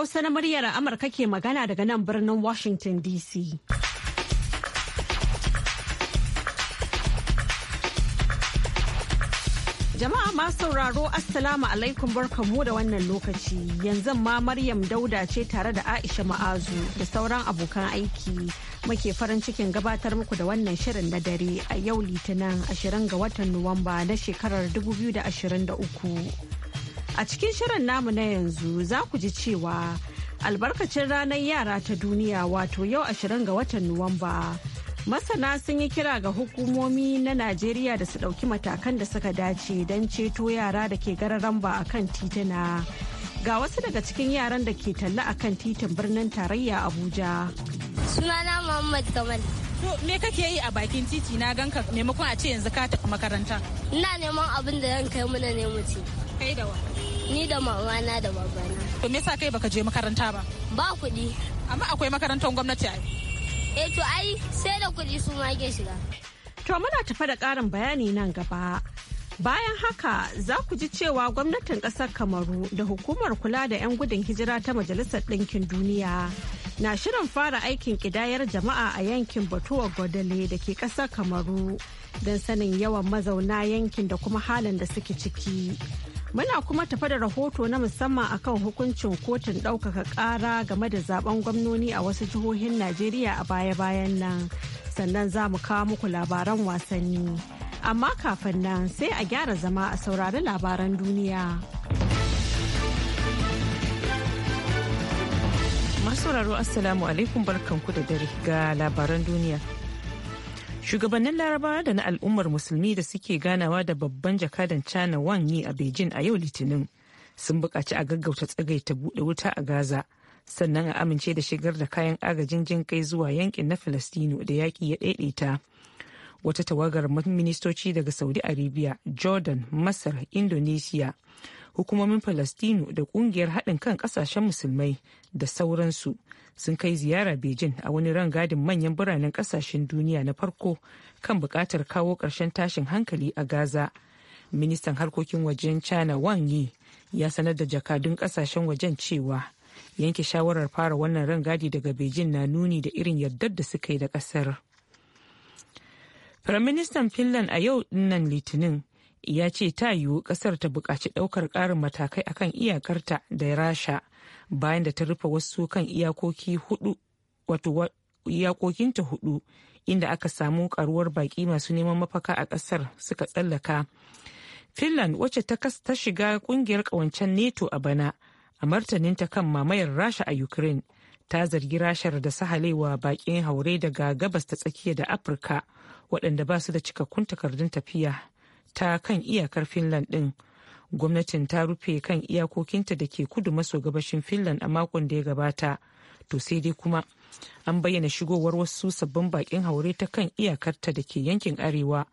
Hausa na muryar Amurka ke magana daga nan birnin Washington DC. Jama'a ma sauraro Assalamu alaikum barkamu da wannan lokaci yanzu ma Maryam Dauda ce tare da Aisha Ma'azu da sauran abokan aiki muke farin cikin gabatar muku da wannan shirin na dare a yau litinin 20 ga watan Nuwamba na shekarar 2023. A cikin shirin namu na yanzu za ku ji cewa albarkacin ranar yara ta duniya wato yau 20 ga watan Nuwamba. Masana sun yi kira ga hukumomi na Najeriya da su ɗauki matakan da suka dace don ceto yara da ke gararan ba a kan titina. Ga wasu daga cikin yaran da ke talla a kan titin birnin tarayya Abuja. Sunana Muhammad Kamal. To me kake yi a bakin titi na ganka maimakon a ce yanzu ka tafi makaranta? Ina neman abin da zan kai muna ne mutu. Kai da wa? Ni da mama na da babana. To me yasa kai baka je makaranta ba? Ba kuɗi. Amma akwai makarantar gwamnati a Eh to ai sai da kuɗi su ma ke shiga. To muna tafa da ƙarin bayani nan gaba. Bayan haka za ku ji cewa gwamnatin ƙasar Kamaru da hukumar kula da 'yan gudun hijira ta Majalisar Ɗinkin Duniya na shirin fara aikin kidayar jama'a a yankin Batuwa Godale da ke kasar Kamaru don sanin yawan mazauna yankin da kuma halin da suke ciki. Muna kuma tafa da rahoto na musamman akan hukuncin kotun ɗaukaka ƙara game da zaben gwamnoni a wasu jihohin Najeriya a baya-bayan nan. Sannan za mu kawo muku labaran wasanni. Amma kafin nan sai a gyara zama a saurari labaran duniya. Masu sauraro Assalamu alaikum barkanku da dare ga labaran duniya. Shugabannin Larabawa da na al'ummar musulmi da suke ganawa da babban jakadan China Wang Yi a Beijing a yau Litinin sun buƙaci a gaggauta tsagaita buɗe wuta a Gaza sannan a amince da shigar da kayan agajin jin kai zuwa yankin na Falastinu da yaƙi ya ɗaiɗaita. Wata tawagar ministoci daga Saudi Arabia, Jordan, Masar, Indonesia, hukumomin Falastinu da kungiyar haɗin kan ƙasashen musulmai da sauransu sun kai ziyara Beijing a wani rangadin manyan biranen ƙasashen duniya na farko kan buƙatar kawo ƙarshen tashin hankali a Gaza. Ministan harkokin wajen China Wang Yi ya sanar da jakadun ƙasashen wajen cewa yanke shawarar fara wannan rangadi daga Beijing na nuni da irin yardar da suka yi da ƙasar. Firaministan Finland a yau nan Litinin ya ce ta yiwu kasar ta buƙaci ɗaukar ƙarin matakai akan iyakarta da rasha bayan da ta rufe wasu kan iyakoki hudu wato iyakokinta hudu inda aka samu karuwar baƙi masu neman mafaka a ƙasar suka tsallaka finland wacce ta shiga kungiyar ƙawancen neto a bana a martaninta kan mamayar rasha a ukraine ta zargi rashar da sahalewa baƙin haure daga gabas ta tsakiya da afirka waɗanda ba su da cikakkun takardun tafiya ta kan iyakar finland ɗin gwamnatin ta rufe kan iyakokinta da ke kudu maso gabashin finland a makon da ya gabata to sai dai kuma an bayyana shigowar wasu sabbin bakin haure ta kan iyakarta da ke yankin arewa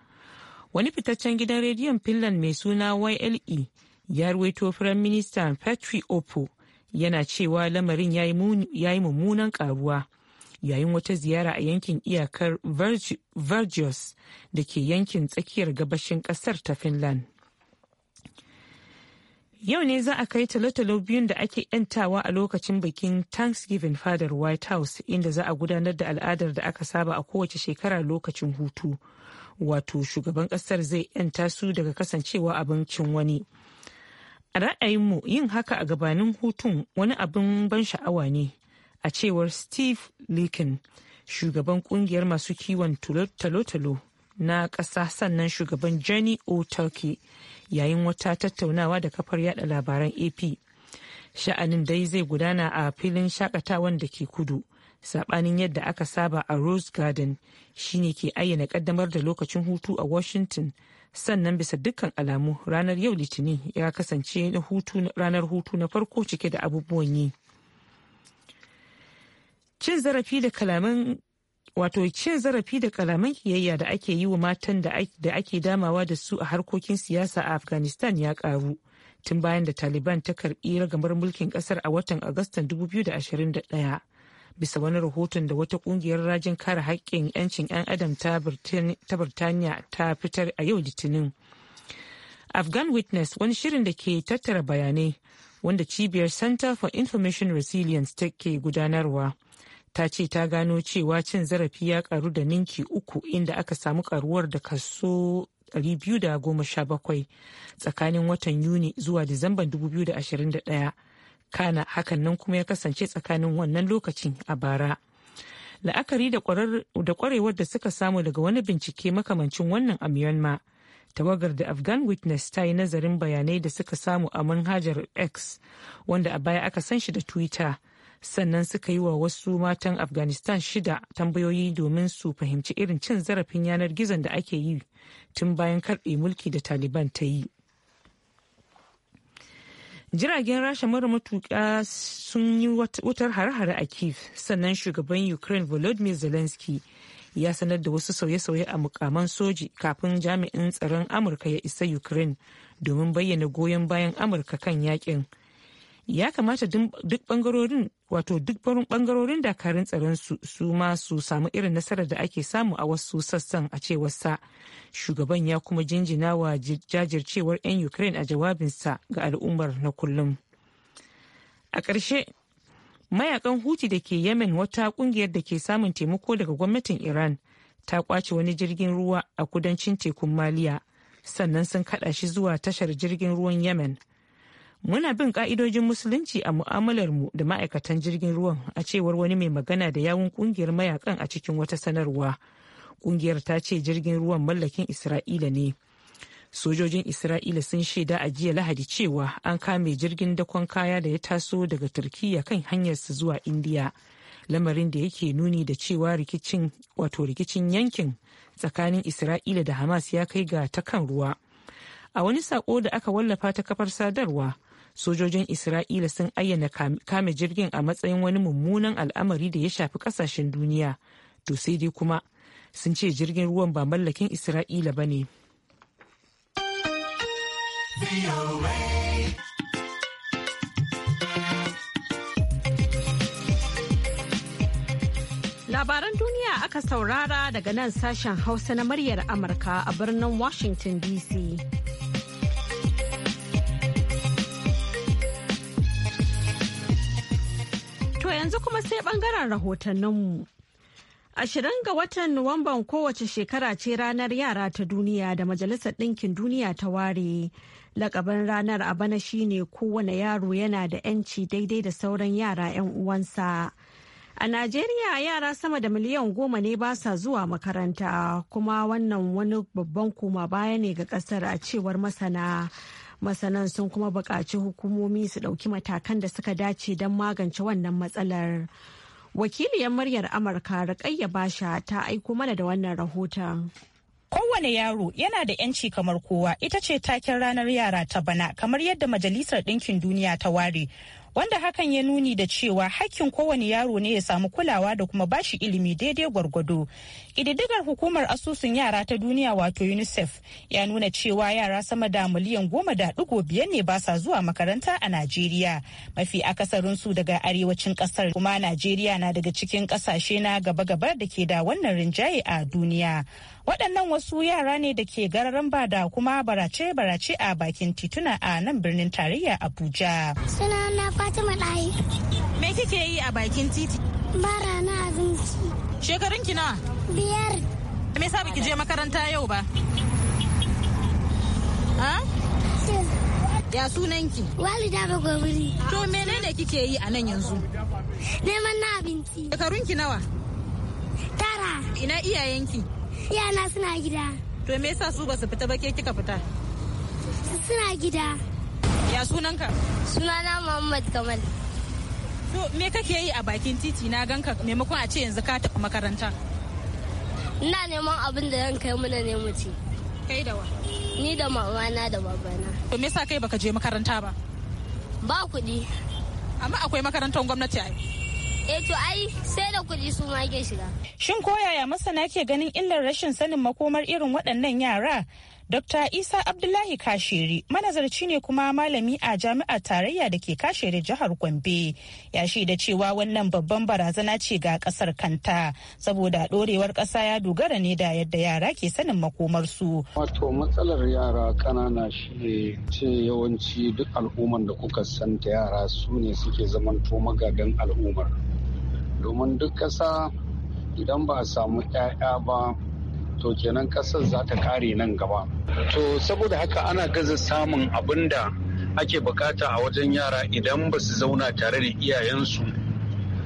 wani fitaccen gidan rediyon finland mai suna yle ya ruwaito firayim minista petri opo yana cewa lamarin ya yi mummunan karuwa yayin wata ziyara a yankin iyakar Vergios da ke yankin tsakiyar gabashin kasar ta Finland. Yau ne za a kai talotalo biyun da ake ‘yantawa a lokacin bikin Thanksgiving fadar White House inda za a gudanar da al'adar da aka saba a kowace shekara lokacin hutu. Wato shugaban ƙasar zai ‘yanta su daga kasancewa abincin wani. A ra'ayinmu yin haka a gabanin hutun wani abin ban sha'awa ne. a cewar steve leakin shugaban kungiyar masu kiwon talo na ƙasa sannan shugaban jenny o yayin wata tattaunawa da kafar yada labaran ap sha'anin dai zai gudana a filin shakatawan da ke kudu sabanin yadda aka saba a rose garden shine ke ayyana kaddamar da lokacin hutu a washington sannan bisa dukkan alamu ranar yau litinin ya kasance ranar hutu na farko cike da abubuwan yi. cin zarafi da kalaman wato cin zarafi da kalaman kiyayya da ake yi wa matan da ake damawa da su a harkokin siyasa a afghanistan ya karu tun bayan da taliban ta karbi ragamar mulkin kasar a watan agustan 2021 bisa wani rahoton da wata kungiyar rajin kare haƙƙin 'yancin 'yan adam ta birtaniya ta fitar a yau litinin afghan witness wani shirin da ke tattara bayanai wanda cibiyar center for information resilience take gudanarwa ta ce ta gano cewa cin zarafi ya karu da ninki uku inda aka samu karuwar da kaso 217 tsakanin watan yuni zuwa disamban 2021 kana hakan nan kuma ya kasance tsakanin wannan lokacin a bara la'akari da kwarewar da suka samu daga wani bincike makamancin wannan a myanmar tawagar da afghan witness ta yi nazarin bayanai da suka samu a manhajar x wanda a baya aka san shi da twitter sannan suka yi wa wasu matan afghanistan shida tambayoyi domin su fahimci irin cin zarafin yanar gizon da ake yi tun bayan karbe mulki da taliban ta yi jiragen rasha mara matuƙa sun yi wutar hare-hare a kiev sannan shugaban ukraine volodymyr zelensky ya sanar da wasu sauye-sauye a mukaman soji kafin jami'in tsaron amurka ya isa ukraine domin bayyana goyon bayan amurka kan yakin. ya kamata duk bangarorin wato duk bangarorin dakarun tsaron su ma su samu irin nasarar da ake samu a wasu sassan a cewarsa shugaban ya kuma jinjina wa jajircewar 'yan ukraine a jawabinsa ga al'ummar na kullum a ƙarshe mayakan huti da ke yemen wata kungiyar da ke samun taimako daga gwamnatin iran ta kwace wani jirgin ruwa a kudancin tekun maliya sannan sun kada shi zuwa tashar jirgin ruwan yemen muna bin ka'idojin musulunci a mu'amalar mu da ma'aikatan jirgin ruwan a cewar wani mai magana da yawun kungiyar mayakan a cikin wata sanarwa kungiyar ta ce jirgin ruwan mallakin isra'ila ne sojojin isra'ila sun shaida a jiya lahadi cewa an kame jirgin dakon kaya da ya taso daga Turkiyya kan hanyarsa zuwa indiya lamarin da yake nuni da cewa rikicin wato rikicin yankin tsakanin isra'ila da hamas ya kai ga ta kan ruwa a wani sako da aka wallafa ta kafar sadarwa sojojin isra'ila sun ayyana kame jirgin a matsayin wani mummunan al'amari da ya shafi kasashen duniya to sai dai kuma sun ce jirgin ruwan ba mallakin isra'ila ba ne labaran duniya aka saurara daga nan sashen hausa na muryar amurka a birnin washington dc To yanzu kuma sai bangaren rahotanninmu. Ashirin ga watan Nuwamban kowace shekara ce ranar yara ta duniya da Majalisar Ɗinkin Duniya ta ware. Lakabin ranar a bana shine kowane yaro yana da 'yanci daidai da sauran yara 'yan uwansa. A Najeriya yara sama da miliyan goma ne ba sa zuwa makaranta kuma wannan wani babban koma baya ne ga ƙasar a cewar masana. masanan sun kuma buƙaci hukumomi su ɗauki matakan da suka dace don magance wannan matsalar wakiliyar muryar amurka raƙayya basha ta aiko mana da wannan rahoton Kowane yaro yana da 'yanci kamar kowa ita ce taken ranar yara ta bana kamar yadda Majalisar Ɗinkin Duniya ta ware wanda hakan ya nuni da cewa hakkin kowane yaro ne ya samu kulawa da kuma bashi ilimi daidai gwargwado ƙididdigar hukumar asusun yara ta duniya wato unicef ya nuna cewa yara sama da miliyan goma da ɗigo biyar ne ba sa zuwa makaranta a najeriya mafi akasarinsu daga arewacin ƙasar kuma najeriya na daga cikin ƙasashe na gaba-gaba da ke da wannan rinjaye a duniya waɗannan wasu yara ne da ke gararan ba da kuma barace-barace a bakin tituna a nan birnin tarayya abuja suna na fatima ɗaye. me kike yi a bakin titi bara na abinci shekarun ki nawa biyar me yasa biki je makaranta yau ba ha ya sunanki walida ba gwamnati. to menene kike yi a nan yanzu neman na abinci shekarun ki nawa tara ina iyayenki Yana suna gida. To me yasa su ba su fita ba ke kika fita? Suna gida. Ya sunanka? Sunana Muhammad Kamal. To me kake yi a bakin titi na ganka maimakon a ce yanzu ka tafi makaranta? Ina neman abin da zan kai mana ne mu ci. Kai da wa? Ni da mama na da babana. To me yasa kai baka je makaranta ba? Ba kuɗi. Amma akwai makarantar gwamnati a yi. eh to ai sai da kuɗi su ma ke shiga shin koyaya masana ke ganin illar rashin sanin makomar irin waɗannan yara Dr. Isa Abdullahi Kashiri manazarci ne kuma malami a jami'ar tarayya da ke Kashiri jihar Gombe ya shaida cewa wannan babban barazana ce ga kasar kanta saboda dorewar kasa ya dogara ne da yadda yara ke sanin makomarsu. Wato matsalar yara kanana shi ce yawanci duk al'ummar da kuka santa yara su ne suke zamanto magadan al'ummar. Domin duk ƙasa idan ba a samu 'ya'ya ba to kenan kasar za ta kare nan gaba to saboda haka ana gaza samun abin da ake bukata a wajen yara idan ba su zauna tare da iyayensu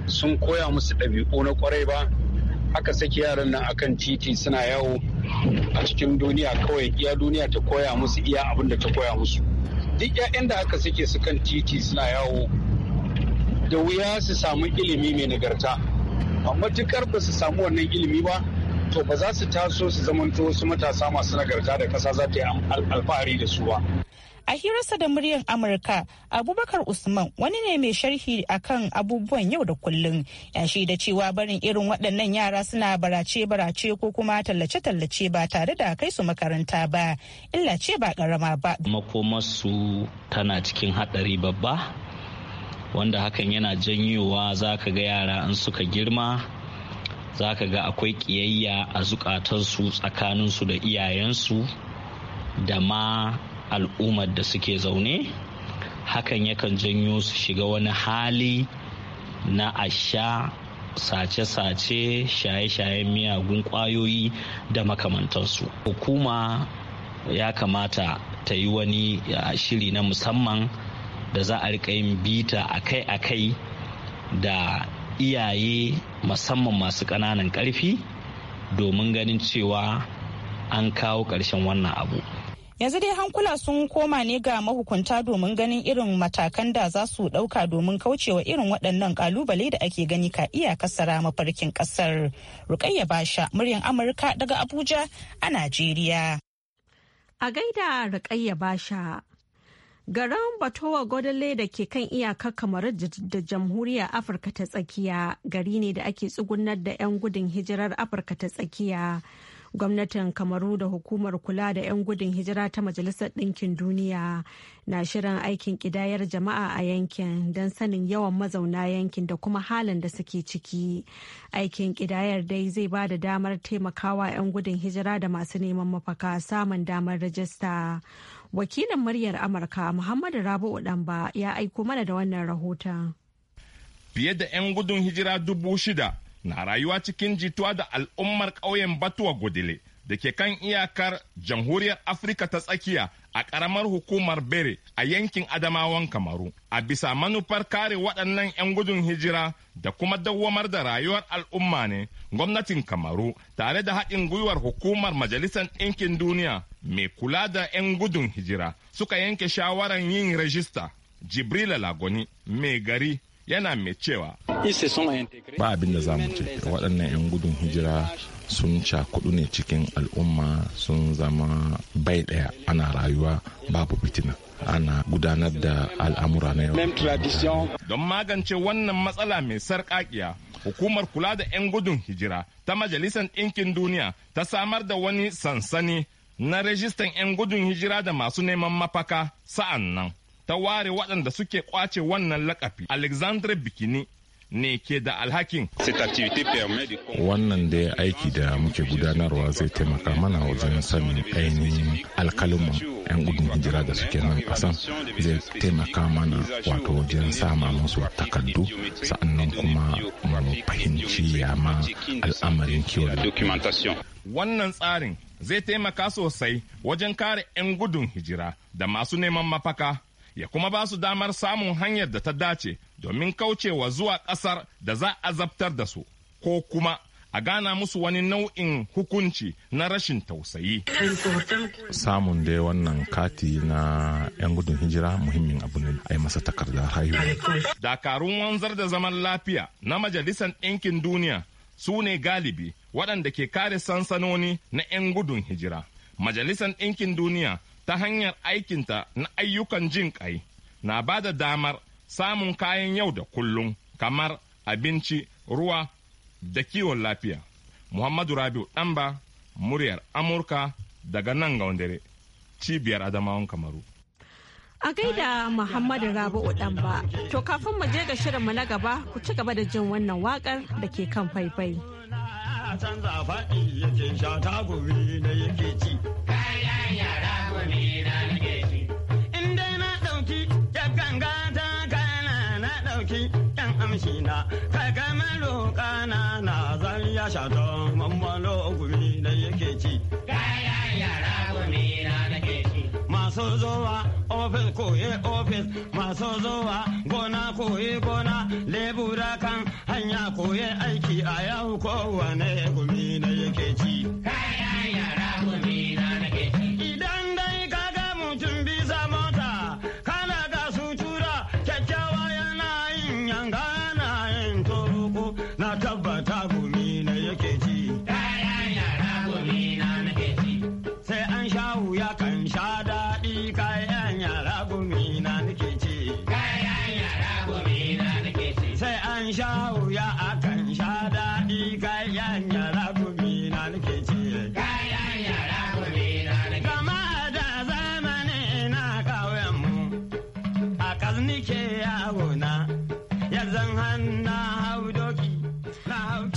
sun koya musu ɗabi'u na kwarai ba aka saki yaran nan akan titi suna yawo a cikin duniya kawai iya duniya ta koya musu iya abin da ta koya musu duk 'ya'yan da aka sake su kan titi suna yawo da wuya su samu ilimi mai nagarta matukar ba su samu wannan ilimi ba to ba za su taso su zamanto wasu matasa masu nagarta da ƙasa za ta yi alfahari da su ba. A hirarsa da muryar Amurka, Abubakar Usman wani ne mai sharhi akan abubuwan yau da kullum. Ya da cewa barin irin waɗannan yara suna barace-barace ko kuma tallace-tallace ba tare da kai su makaranta ba, illa ce ba ƙarama ba. Makomarsu tana cikin haɗari babba, wanda hakan yana janyowa za ka ga yara in suka girma za ka ga akwai ƙiyayya a zukatansu tsakaninsu da iyayensu da ma al'ummar da suke zaune hakan yakan janyo su shiga wani hali na asha sace-sace shaye-shayen miyagun ƙwayoyi da makamantansu hukuma ya kamata ta yi wani shiri na musamman da za a rika yin bita akai-akai da iyaye musamman masu ƙananan ƙarfi domin ganin cewa an kawo ƙarshen wannan abu. yanzu dai hankula sun koma ne ga mahukunta domin ganin irin matakan da za su ɗauka domin kaucewa irin waɗannan ƙalubale da ake gani ka iya kasara mafarkin ƙasar rukayya basha muryan amurka daga abuja a najeriya a gaida rukayya basha Garin Batowa Godale da ke kan iyakar kamar da jamhuriyar Afirka ta tsakiya gari ne da ake tsugunar da 'yan gudun hijirar Afirka ta tsakiya. gwamnatin kamaru da hukumar kula da 'yan gudun hijira ta majalisar ɗinkin duniya na shirin aikin ƙidayar jama'a a yankin don sanin yawan mazauna yankin da kuma halin da suke ciki aikin ƙidayar dai zai ba da damar taimakawa 'yan gudun hijira da masu neman mafaka samun damar rajista wakilin muryar amurka muhammadu rabu ɗanba ya aiko mana da wannan rahoton fiye da 'yan gudun hijira dubu shida na rayuwa cikin jituwa da al'ummar ƙauyen Batuwa Godile da ke kan iyakar jamhuriyar Afirka ta tsakiya a ƙaramar hukumar Bere a yankin Adamawan Kamaru. A bisa manufar kare waɗannan 'yan gudun hijira da kuma dawwamar da rayuwar al'umma ne, gwamnatin Kamaru tare da haɗin gwiwar hukumar Majalisar Ɗinkin Duniya mai kula da 'yan gudun hijira suka yanke shawarar yin rajista. Jibrila Lagoni, mai gari yana mai cewa ba abin da za mu ce waɗannan 'yan gudun hijira sun kudu ne cikin al'umma sun zama bai ɗaya ana rayuwa babu fitina ana gudanar da al'amura na yau don magance wannan matsala mai sarƙaƙiya hukumar kula da 'yan gudun hijira ta majalisar ɗinkin duniya ta samar da wani sansani na rajistan 'yan gudun hijira da masu neman mafaka sa'an nan ta ware waɗanda suke kwace wannan lakafi alexandre bikini ne ke da alhakin. Wannan da ya aiki da muke gudanarwa zai taimaka mana wajen sanin ainihin alkalin 'yan gudun hijira da suke nan kasan zai taimaka mana wato wajen sama musu takardu sa'annan kuma mu fahimci yama al'amarin kiwon. Wannan tsarin zai taimaka sosai wajen kare 'yan gudun hijira da masu neman mafaka. ya kuma ba su damar samun hanyar da ta dace domin kaucewa zuwa ƙasar da za a zabtar da su ko kuma a gana musu wani nau'in hukunci na rashin tausayi. Samun dai wannan kati na 'yan gudun hijira muhimmin abu ne a yi masa takardar haihuwa. Dakarun wanzar da zaman lafiya na Majalisar Ɗinkin Duniya su ne galibi waɗanda ke kare sansanoni na 'yan gudun hijira. Majalisar Ɗinkin Duniya ta hanyar aikinta na ayyukan jin ƙai na ba da damar samun kayan yau da kullum kamar abinci ruwa da kiwon lafiya muhammadu rabiu ɗanba muryar amurka daga nan ga wandare cibiyar adamawan kamaru a gaida muhammadu rabiu ɗanba to kafin mu je ga shirin mu na gaba ku ci gaba da jin wannan wakar da ke kan faifai amshi na kaga malo kana na zan ya shato mamalo gumi da yake ci kaya yara gumi na nake ci masu zowa ofis koye ofis masu zowa gona koye gona lebura kan hanya koye aiki a yau kowane gumi da yake ci an sha wuya akan sha daɗi kayan yara gumi na nake ce. Kayan yara na nake da zamani na ƙauyenmu a ƙaznike yawo na yanzan hannu hau doki.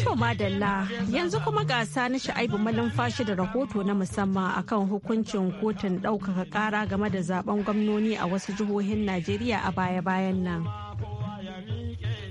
To madalla yanzu kuma gasa na sha'ibu malumfashi da rahoto na musamman akan hukuncin kotun ɗaukaka ƙara game da zaben gwamnoni a wasu jihohin Najeriya a baya-bayan nan.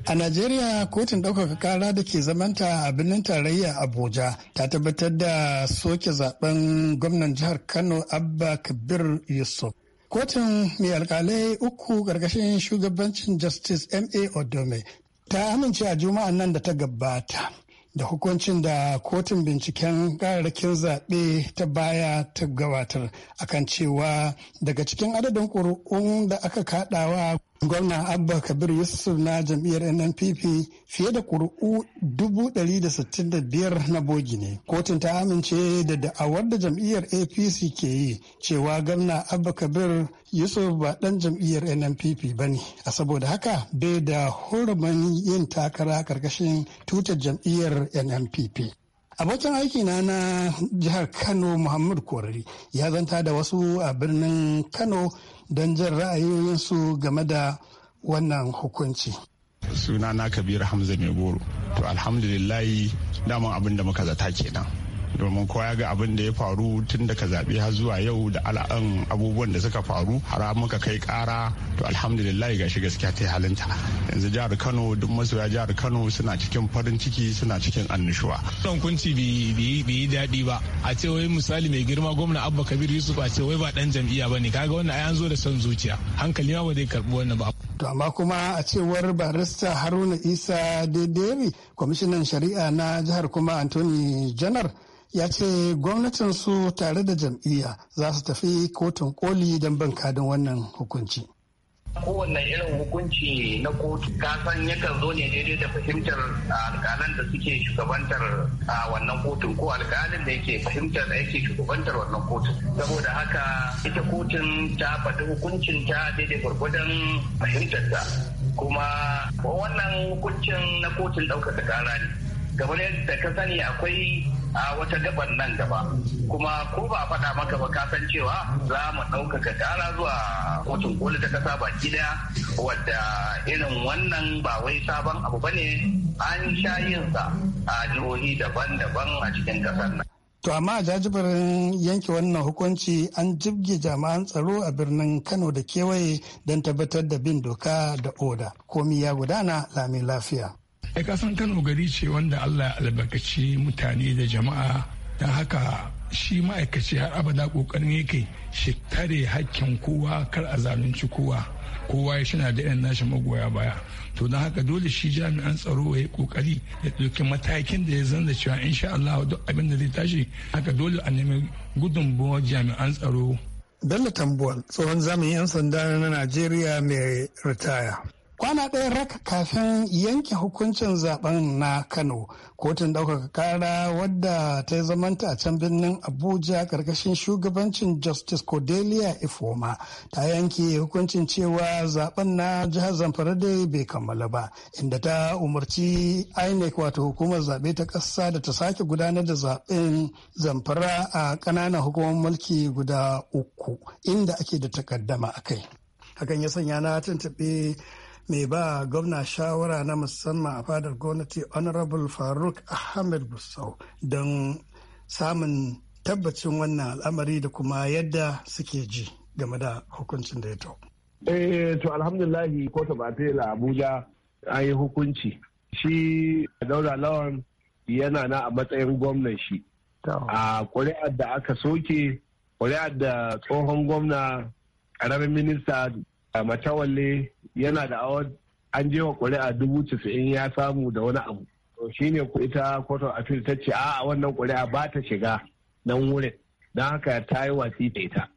A Najeriya kotun ɗaukaka kara da ke zamanta a birnin tarayya Abuja ta tabbatar da soke zaben gwamnan jihar Kano Abba Kabir Yusuf. Kotun mai alkalai uku ƙarƙashin shugabancin Justice M.A. Odome ta amince a juma'a nan da ta gabata da hukuncin da kotun binciken kararrakin zaɓe ta baya ta gabatar akan cewa daga cikin adadin ƙuri'un da aka kaɗawa gwamna abba kabir yusuf na jam'iyyar nnpp fiye da ƙuri'u biyar na bogi ne kotun ta amince da da'awar da jam'iyyar apc ke yi cewa gwamna abba kabir yusuf ba ɗan jam'iyyar nnpp ba ne a saboda haka bai da hurumin yin takara karkashin tutar jam'iyyar nnpp abokin aikina na jihar kano muhammad korari ya zanta da wasu a birnin kano don jan ra'ayoyinsu game da wannan hukunci. suna na kabir hamza mai goro to alhamdulillahi daman abin da muka zata kenan domin kowa ga abin da ya faru tun daga zaɓe har zuwa yau da ala'an abubuwan da suka faru har muka kai kara to alhamdulillah gashi gaskiya ta halinta yanzu jihar kano duk masoya jihar kano suna cikin farin ciki suna cikin annishuwa. Wannan kunci bai yi daɗi ba a ce wai misali mai girma gwamna Abba Kabir Yusuf a ce wai ba dan jam'iyya ba ne kaga wannan ai zo da son zuciya hankali ma ba zai karɓi wannan ba. To amma kuma a cewar barista Haruna Isa daidai kwamishinan shari'a na jihar kuma Anthony Janar ya ce gwamnatin su tare da jam'iyya za su tafi kotun koli don bin kadin wannan hukunci. kowanne irin hukunci na kotu kasan yakan zo ne daidai da fahimtar ah, alkalan da suke shugabantar a ah, wannan kotun ko alkalin da yake fahimtar da yake shugabantar wannan kotun saboda haka ita kotun ta faɗi hukuncin ta daidai gwargwadon fahimtar ta kuma wannan hukuncin na kotun ɗaukaka ƙara ne game da ka sani akwai a wata gabar nan gaba kuma ko ba a faɗa maka ba kasan cewa za mu ɗaukaka ƙara zuwa kotun koli ta ƙasa ba gida wadda irin wannan ba wai sabon abu ba ne an sha yinsa a jihohi daban-daban a cikin kasar nan To amma jajibirin yanke wannan hukunci an jibge jami'an tsaro a birnin Kano da kewaye don tabbatar da bin doka da oda. Komi ya gudana lami lafiya. ai kasan kano gari ce wanda allah ya albarkaci mutane da jama'a don haka shi ma'aikaci har abada kokarin yake shi tare hakkin kowa kar a zalunci kowa kowa ya shina da yan nashi magoya baya to don haka dole shi jami'an tsaro ya yi kokari ya ɗauki matakin da ya zanda cewa insha Allah duk abin da zai tashi haka dole a nemi gudunmawar jami'an tsaro Bello Tambuwal tsohon zamani 'yan sanda na Najeriya mai ritaya. kwana ɗaya rak kafin yanke hukuncin zaben na kano kotun ɗaukaka ƙara wadda ta zamanta a can birnin abuja ƙarƙashin shugabancin justice cordelia ifoma ta yanke hukuncin cewa zaben na jihar zamfara dai bai kammala ba inda ta umarci inec wato hukumar zaɓe ta ƙasa da ta sake gudanar da zaɓen zamfara a ƙananan hukumar mulki guda uku inda ake da takaddama a kai hakan ya sanya na tuntuɓe mai ba gwamna shawara na musamman a fadar gwamnati honorable faruk ahmed gusau don samun tabbacin wannan al'amari da kuma yadda suke ji game da hukuncin da ya tau. Ee, eh, to alhamdulahi kotun apela abuja an yi hukunci shi daura lawan yana na a matsayin gwamnan shi a kuri'ar da aka soke kuri'ar da tsohon gwamna ƙaramin minista matawalle yana da awar an jewa ƙuri'a dubu casa'in ya samu da wani abu to shi ne ita kotun afil ta ce a wannan ƙuri'a ba ta shiga nan wurin don haka ta yi watsi da ita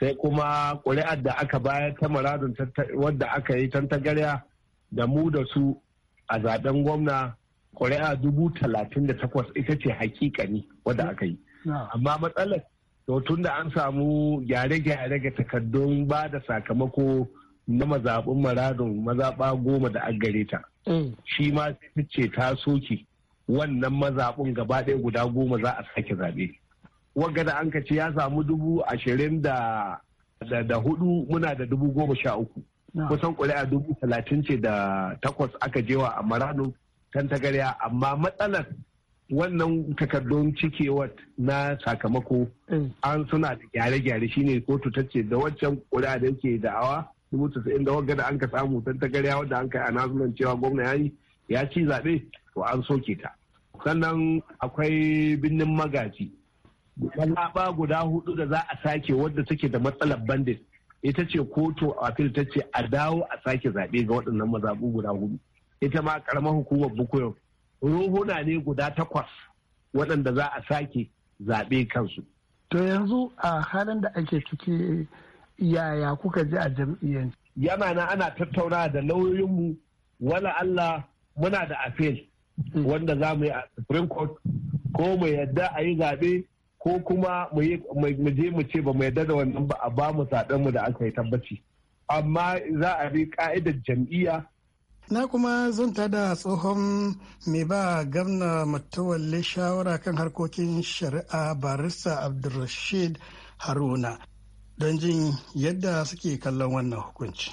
sai kuma ƙuri'ar da aka bayar ta muradun wadda aka yi tantagarya da mu da su a zaben gwamna ƙuri'a dubu talatin da takwas ita ce hakikani wadda aka yi amma matsalar to tun da an samu gyare-gyare ga takardun ba da sakamako na mazaɓin maradun mazaɓa goma da agareta mm. shi ma sai ce ta soke wannan mazaɓin gaba ɗaya guda goma za a sake zaɓe wagga da an kace ya samu dubu ashirin da hudu muna da dubu goma sha uku kusan ƙuri'a dubu talatin ce da takwas aka jewa a maradun tantagarya amma matsalar wannan takardun cikewat na sakamako mm. an suna da gyare-gyare shine kotu ta ce da waccan kura da yake da'awa dubu tasa'in da wagga da an ka samu tan ta gariya wadda an ka a nasunan cewa gwamna ya yi ya ci zaɓe to an soke ta sannan akwai birnin magaji laɓa guda hudu da za a sake wadda take da matsalar bandit ita ce kotu a fil ta ce a dawo a sake zaɓe ga waɗannan mazaɓu guda hudu ita ma karamar hukumar bukuyar rohuna ne guda takwas waɗanda za a sake zaɓe kansu. To yanzu a halin da ake ciki yaya kuka ji a jam'iyyar? Yana na ana tattauna da lauyoyinmu wala Allah muna da afil wanda za mu yi a Supreme Court ko mu yadda a yi zaɓe ko kuma mu je mu ce ba mu yadda da wannan ba a ba mu mu da aka yi tabbaci. Amma za a bi ka'idar jam'iyya na kuma zan tada tsohon mai ba gamna matawalle shawara kan harkokin shari'a barista abdulrashid haruna don jin yadda suke kallon wannan hukunci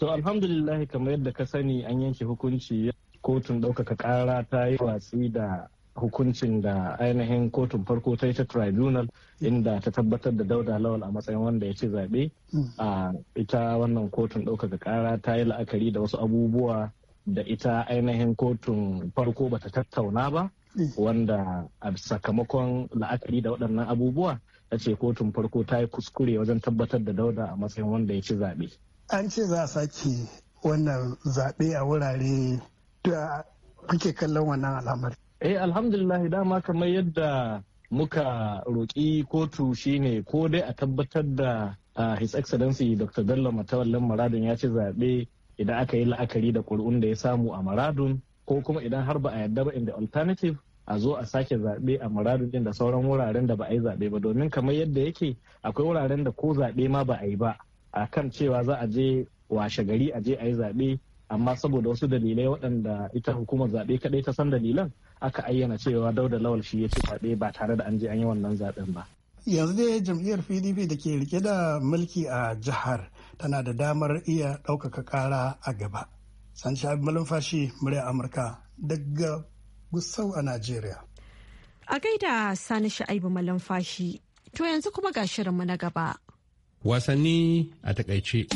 to alhamdulillah kamar yadda ka sani an yanke hukunci kotun ɗaukaka ƙara ta yi watsi da hukuncin da ainihin kotun farko ta yi ta tribunal inda ta tabbatar da dauda lawal a matsayin wanda ya ci zaɓe mm. a ita wannan kotun ɗaukaka ƙara ta yi la'akari da wasu abubuwa da ita ainihin kotun farko ba ta tattauna ba mm. wanda a sakamakon la'akari da waɗannan abubuwa ta ce kotun farko ta yi kuskure wajen tabbatar da dauda a matsayin wanda ya ci zaɓe. an ce za a sake wannan zaɓe a wurare da kuke kallon wannan al'amari Eh alhamdulillah dama kamar yadda muka roƙi kotu shine ko dai a tabbatar da His Excellency Dr. Bello Matawallan Maradun ya ci zaɓe idan aka yi la'akari da ƙuri'un da ya samu a Maradun ko kuma idan har ba a yarda ba in the alternative a zo a sake zaɓe a maradun din da sauran wuraren da ba a yi zaɓe ba domin kamar yadda yake akwai wuraren da ko zaɓe ma ba a yi ba a kan cewa za a je washe gari a je a yi zaɓe amma saboda wasu dalilai waɗanda ita hukumar zaɓe kaɗai ta san dalilan aka ayyana cewa dauda lawal shi ya ci zaɓe ba tare da an je an yi wannan zaɓen ba yanzu dai jam'iyyar pdp da ke rike da mulki a jihar tana da damar iya ɗaukaka ƙara a gaba san shabi malumfashi murya amurka daga gusau a najeriya a gaida sani sha'ibu malumfashi to yanzu kuma ga shirinmu na gaba wasanni a takaice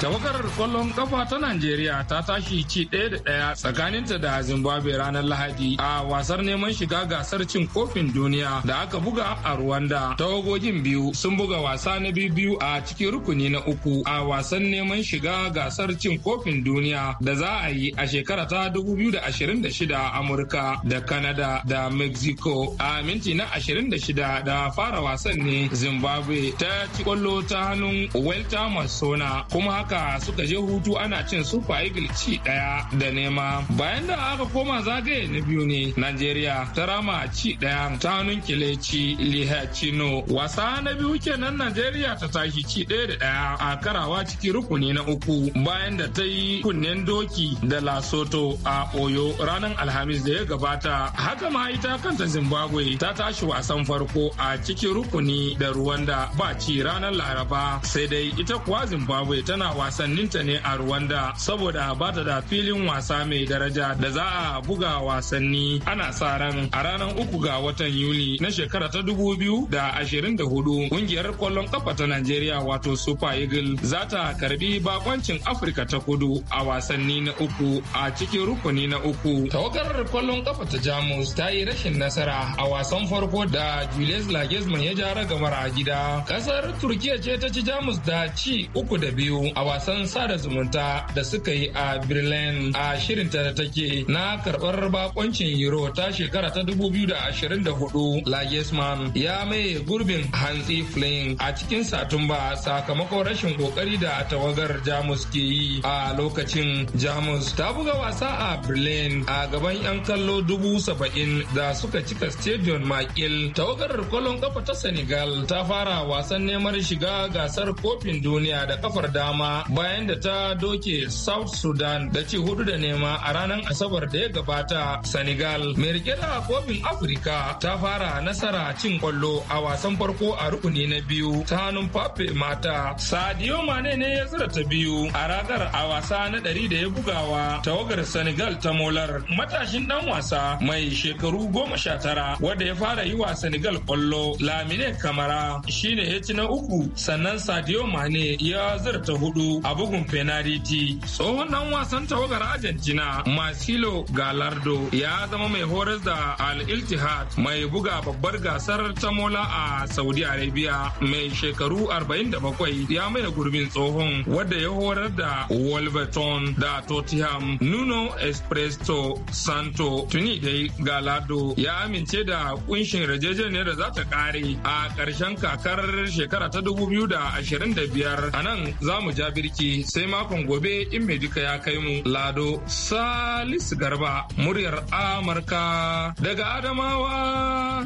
tawagar kwallon kafa ta najeriya ta tashi ci ɗaya da ɗaya tsakaninta da zimbabwe ranar lahadi a wasar neman shiga gasar cin kofin duniya da aka buga a rwanda tawagogin biyu sun buga wasa na biyu biyu a cikin rukuni na uku a wasan neman shiga gasar cin kofin duniya da za a yi a shekara ta 2026 a amurka da Kanada da mexico a minti na 26 da fara wasan ne zimbabwe ta ci kwallo ta hannun Walter masona kuma haka haka suka je hutu ana cin super eagle ci daya da nema bayan da aka koma zagaye na biyu ne najeriya ta rama ci daya ta hannun kileci lihacino wasa na biyu kenan najeriya ta tashi ci daya da daya a karawa cikin rukuni na uku bayan da ta yi kunnen doki da lasoto a oyo ranar alhamis da ya gabata haka ma ita kanta zimbabwe ta tashi wasan farko a cikin rukuni da ruwanda ba ci ranar laraba sai dai ita kuwa zimbabwe tana wasanninta ne a Rwanda saboda ba ta da filin wasa mai daraja da za a buga wasanni ana sa ran a ranar uku ga watan Yuli na shekara ta dubu biyu da ashirin da hudu ƙungiyar kwallon kafa ta Najeriya wato Super Eagle za ta karbi bakoncin Afirka ta kudu a wasanni na uku a cikin rukuni na uku. Tawagar kwallon kafa ta Jamus ta yi rashin nasara a wasan farko da Julius Lagesman ya jara ragamar a gida. Kasar Turkiya ce ta ci Jamus da ci uku da biyu a wasan sada zumunta da suka yi a Berlin a shirinta da take na karɓar bakoncin Euro ta shekara ta 2024 Lagesman ya maye gurbin Hansi Flynn a cikin Satumba sakamakon rashin kokari da tawagar Jamus ke yi a lokacin Jamus ta buga wasa a Berlin a gaban 'yan kallo dubu saba'in da suka cika Stadion Makil tawagar kwallon kafa ta Senegal ta fara wasan neman shiga gasar kofin duniya da kafar dama bayan da ta doke South Sudan da ci hudu da nema a ranar Asabar da ya gabata Senegal. Mai rike da kofin Afirka ta fara nasara cin kwallo a wasan farko a rukuni na biyu ta hannun Pape Mata. Sadio Mane ne ya zira ta biyu a ragar a wasa na ɗari da ya bugawa tawagar Senegal ta molar. Matashin ɗan wasa mai shekaru goma sha tara wanda ya fara yi wa Senegal kwallo Lamine Kamara shine ya ci na uku sannan Sadio Mane ya zira ta hudu hudu a bugun fenariti. Tsohon dan wasan tawagar Argentina Masilo Galardo ya zama mai horar da Al-Iltihad mai buga babbar gasar ta mola a Saudi Arabia mai shekaru 47 ya maye gurbin tsohon wadda ya horar da Wolverton da Tottenham Nuno Espresso Santo tuni dai galardo ya amince da kunshin rajejeniyar da za ta kare a ƙarshen kakar shekara ta 2025 a nan za mu ja birki sai makon gobe in mai duka ya kai mu lado salisu garba muryar amurka daga adamawa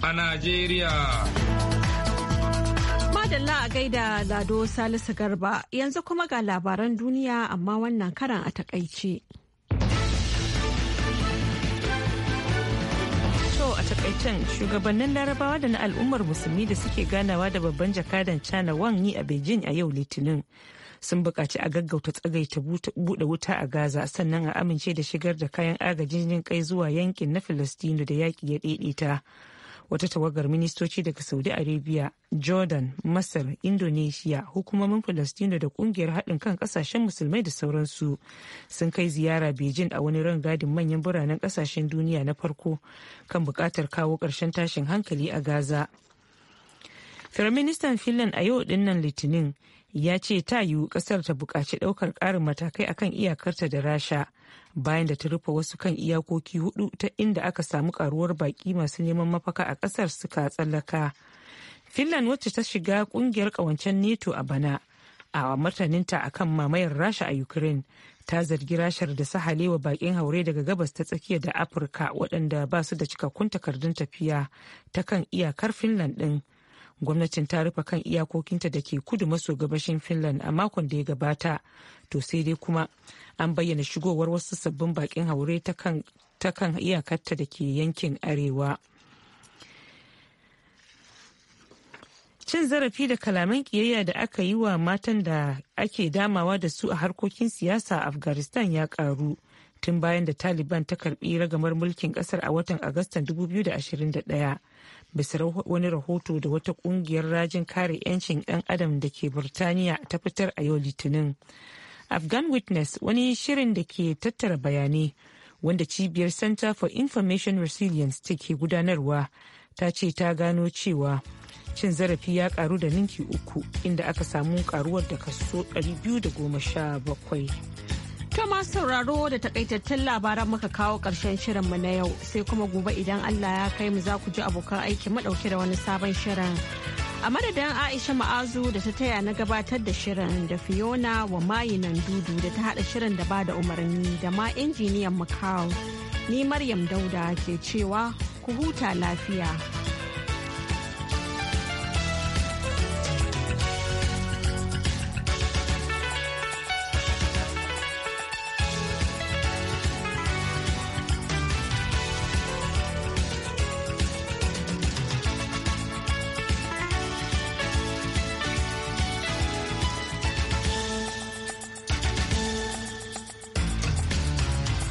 a najeriya madalla a gaida lado salisu garba yanzu kuma ga labaran duniya amma wannan karan a takaice. a takaicen shugabannin larabawa da na al'ummar musulmi da suke ganawa da babban jakadan china wang yi a beijing a yau litinin sun buƙaci a gaggauta tsagaita buɗe wuta a gaza sannan a amince da shigar da kayan agajin jin kai zuwa yankin na filistinu da yaƙi ya ɗaiɗaita wata tawagar ministoci daga saudi arabia jordan masar indonesia hukumomin filistino da ƙungiyar haɗin kan ƙasashen musulmai da sauransu sun kai ziyara beijing a wani rangadin manyan biranen ƙasashen duniya na farko kan buƙatar kawo ƙarshen tashin hankali a gaza firaministan finland a yau dinnan litinin ya ce ta yiwu kasar ta buƙaci ɗaukar ƙarin matakai akan iyakarta da rasha bayan da ta rufe wasu kan iyakoki hudu ta inda aka samu karuwar baƙi masu neman mafaka a ƙasar suka tsallaka finland wacce ta shiga ƙungiyar ƙawancen neto a bana a martaninta akan mamayar rasha a ukraine ta zargi rashar da sahalewa bakin haure daga gabas ta tsakiya da afirka waɗanda ba su da cikakkun takardun tafiya ta kan iyakar finland ɗin gwamnatin ta rufe kan iyakokinta da ke kudu maso gabashin finland a makon da ya gabata to sai dai kuma an bayyana shigowar wasu sabbin bakin haure ta kan iyakarta da ke yankin arewa cin zarafi da kalaman kiyayya da aka yi wa matan da ake damawa da su a harkokin siyasa a afghanistan ya karu tun bayan da taliban ta karbi ragamar mulkin kasar a watan agustan 2021 bisa wani rahoto da wata kungiyar rajin kare 'yancin 'yan adam da ke birtaniya ta fitar a yau litinin afghan witness wani shirin da ke tattara bayanai wanda cibiyar center for information resilience take gudanarwa ta ce ta gano cewa cin zarafi ya karu da ninki uku inda aka samu karuwar da kaso 217 masu sauraro da takaitattun labaran muka kawo ƙarshen mu na yau sai kuma gobe idan Allah ya kai mu za ku ji abokan aiki madauke da wani sabon shirin. A madadin Aisha Ma'azu da ta taya na gabatar da shirin da Fiona wa mayinan dudu da ta haɗa shirin da ba da umarni da ma injiniyan Macau. Ni Maryam Dauda ke cewa ku huta lafiya.